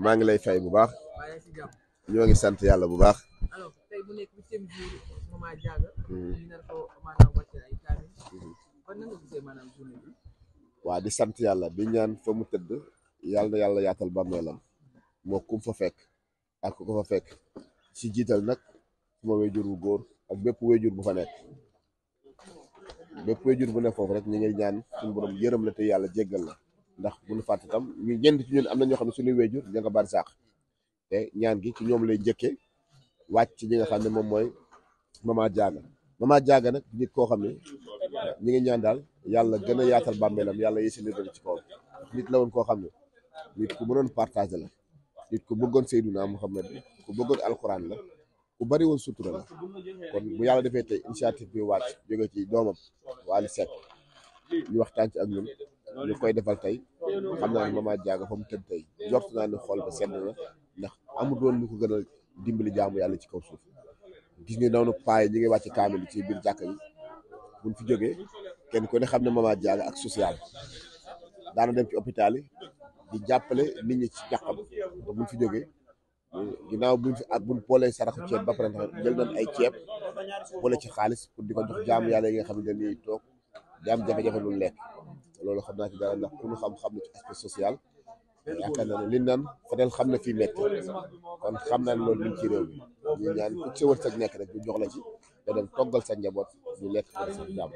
maa ngi lay fay bu baax ñoo ngi sant yàlla bu baax hmm. hmm. waaw di sant yàlla bi ñaan fa mu tëdd yàlla yàlla yaatal bàmmeelam moo kum fa fekk ak ko fa fekk ci jiital nag suma wéjur bu góor ak bépp wéjur bu fa nekk bépp wéjur bu ne foofu rek ñu ngi ñaan suñu yërëm la te yàlla jéggal la ndax munu ñu fàtte tam ñu ñenn ci ñun am na ñoo xam ne suñuy wéjur ña nga bari saax te ñaan gi ci ñoom lay njëkkee wàcc ci ñi nga xam ne moom mooy mama jaaga mama jaaga nag nit koo xam ne ñi ngi ñaan daal yàlla gën a yaatal bàmmeelam yàlla yéesi nital ci kaw nit la woon koo xam ne nit ku mënoon partager la nit ku bëggoon xam ne ku bëggoon alquran la ku bari woon sutura la kon bu yàlla defee tey initiative bi wàcc jóge ci doomam Wally set ñu waxtaan ci ak ñun ñu koy defal tey xam naa ne Mama Diaga fa mu tëdd tey jort naa ne xool ba sedd na ndax amul doon mu ko gën a dimbali jaamu yàlla ci kaw suuf gis nga noonu paay ñi ngi wàcc kaamil ci biir jàkka yi buñ fi jógee kenn ku ne xam ne Mama Diaga ak social daana dem ci hôpital yi di jàppale nit ñi ci ñàkkam bu buñ fi jóge ginnaaw buñ fi ak buñ boolee saraxu ceeb ba pare jël nañ ay ceeb boole ci xaalis pour di ko jox jaamu yàlla yi nga xam ne dañuy toog di am jafe-jafe lu lekk loolu xam naa ci dara ndax ku ñu xam-xam na aspect social yaakaar naa ne li naan Fadel xam na fii nekk kon xam naa ne loolu ñu ci réew mi ñu ñaan ku ci wërsëg nekk rek ñu jox la ci nga dem toggal sa njaboot ñu lekk ko sa jàmm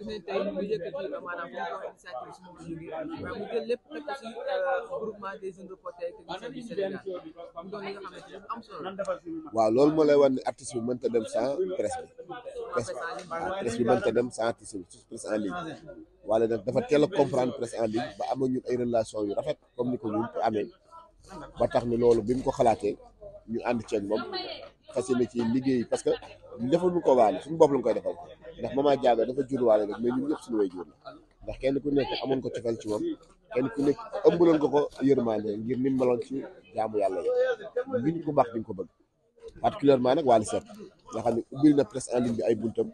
gis euh, waaw loolu moo lay wan ni artiste bi mënta dem sans presse bi presse bi mënta dem sans artiste bi presse en ligne wala nag dafa teel a comprendre presse en ligne ba amoon ñun ay relation yu rafet comme ni ko ñun amee ba tax ni loolu bi mu ko xalaatee ñu ànd ceeg moom fas ci liggéey parce que defuñu ko waale suñu bopp lañ koy defal ndax a Diallo dafa jur waale rek mais ñun ñëpp suñu way jur la ndax kenn ku nekk amoon ko cofeel ci moom kenn ku nekk ëmbaloon ko ko yërmande ngir ni meloon ci jaamu yàlla yi luñ ko baax diñ ko bëgg particulièrement nag Wally Seck nga xam ne ubbil na presse en ligne bi ay buntam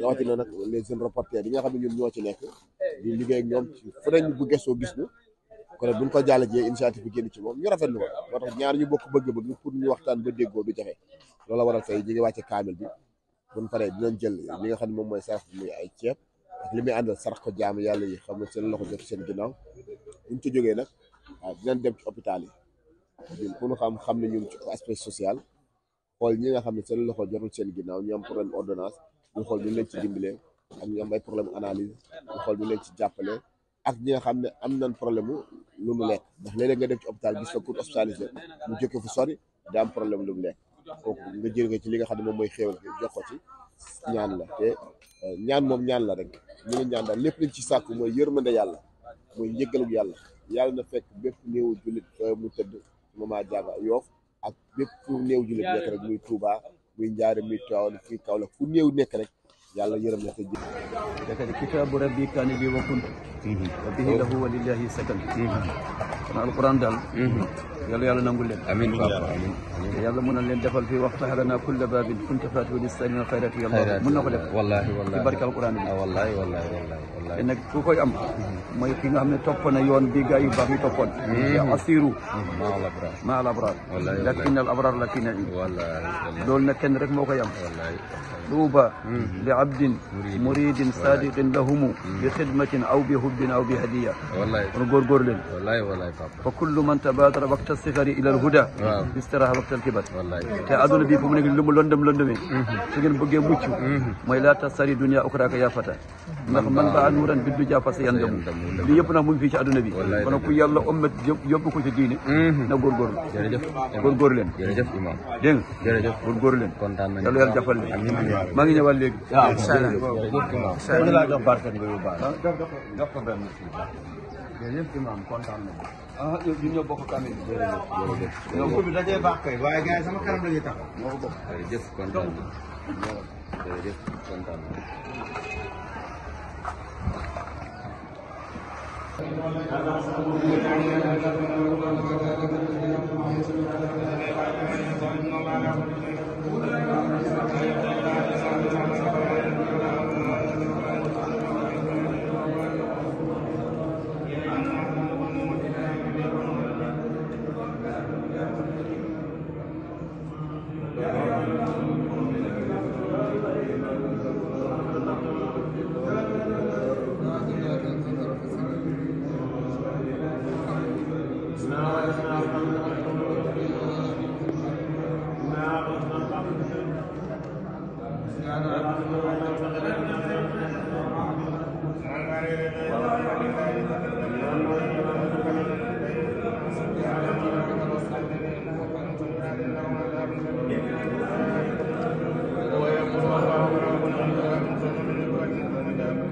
rawatina nag les jeunes nga xam ne ñun ñoo ci nekk di liggéey ak ñoom fu ne ñu bu gëstoo gis ñu kon buñ ko jàll jee initiative bi génn ci moom ñu rafetlu ko moo tax ñaar ñu bokk bëgg-bëgg pour ñu waxtaan ba déggoo du jafe loola waral tey ñu ngi wàcce kaamil bi buñ paree dinañ jël li nga xam ne moom mooy saaf muy ay ceeb li muy àndal sarax jaamu yàlla yi xam ne seen loxo jot seen ginnaaw buñ ci jógee nag waaw dem ci hôpital yi ñun ñu xam xam ne ñun aspect social xool ñi nga xam ne seen loxo jotul seen ginnaaw ñu am problème ordonnance ñu xool ñu leen ci dimbilee ak ñu am ay problème analyse ñu xool ñu leen ci jàppale ak ñi nga xam ne am nañ problème mu lu mu lekk ndax léeg-léeg nga dem ci hôpital gis fa kur hospitalisé mu jóge fu sori da am problème lu mu lekk kooku nga jël nga ci li nga xam ne mooy xéewal gi jox ko ci ñaan la te euh, ñaan moom ñaan la rek ñu ngi ñaan daal lépp liñ ci sàkk mooy yërmande yàlla mooy njëggalug yàlla yàlla na fekk bépp néewu jullit mu tëdd moment jaaga yoof ak bépp néew jullit nekk rek muy Touba muy Njaare muy Tiwaawan fii la fu néew nekk rek yàlla yërëm na te jë dekadi kitaabu rabbi kaani bi wa kuntu mhm. wa bihi lahu wa lillahi sakan kon daal mhm. yàlla yàlla nangul leen amiin papa amiin yàlla mën na leen defal fii waxta lana kulla babin kunta faatihu lisamin xayrati yàlla mën na ko def wallaahi wallaahi ci barke alquran bi ah, wallaahi wallaahi wallaahi nag ku koy am mooy ki nga xam ne topp na yoon bi gaa yu baax yi toppoon asiru maa mm-hmm. al abrar lakin al abrar lakin naim loolu nag kenn rek moo koy am duuba li mm-hmm. abdin muridin sadiqin lahumu mm-hmm. bi xidmatin aw bi hubbin aw bi hadiya kon góorgóor leen fa kullu man tabaadara waqta sigari ila al huda istiraha waqtal kibar te aduna bi fu mu nekk lu mu lëndëm lëndëmee mhm. su ngeen bëggee mucc mhm. mooy laa tasari dunia ukraka yaa ndax man ba anuuran biddu jaafa sa li yëpp nag mu ngi ci aduna bi kon ku yàlla ommet yóbbu ci diine mhm. na góorgóorlu jërëjëf góorgóorlu leen jërëjëf imam dégg nga jërëjëf góorgóorlu jërëjëf imaam kontaan nañu. ah yow ñun ñoo bokk kàddu gi. jërëjëf jërëjëf. yow kooku da cee baax kay waaye gars yi sama kanam la ñuy taxaw. moo ko bokk jërëjëf kontaan nañu. jërëjëf kontaan nañu. Thank you.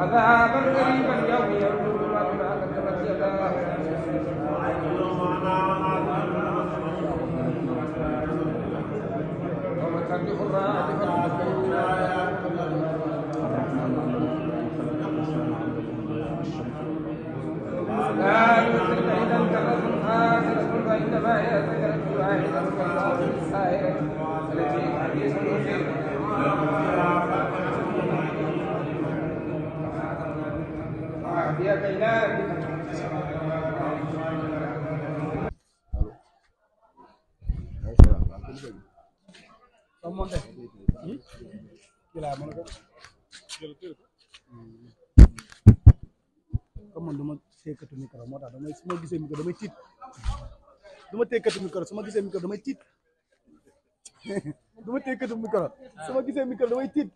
عذابا قريبا يوم يرجو المرء الجزاء ومن تبلغ الرادفة قالوا تلك إذا كرة خاسرة فإنما هي ذكرة واحدة كالله السائرة التي حديث أثير comme du ma teekatu micro moo tax damay su ma gisee micro damay tiit du ma teekatu micro su ma gisee micro damay tiit du ma teekatu micro su ma gisee micro damay tiit.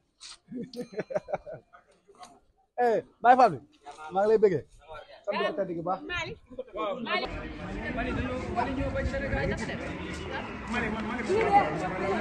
eh bàyyi fàll maa ngi lay bëggee sant ko tedd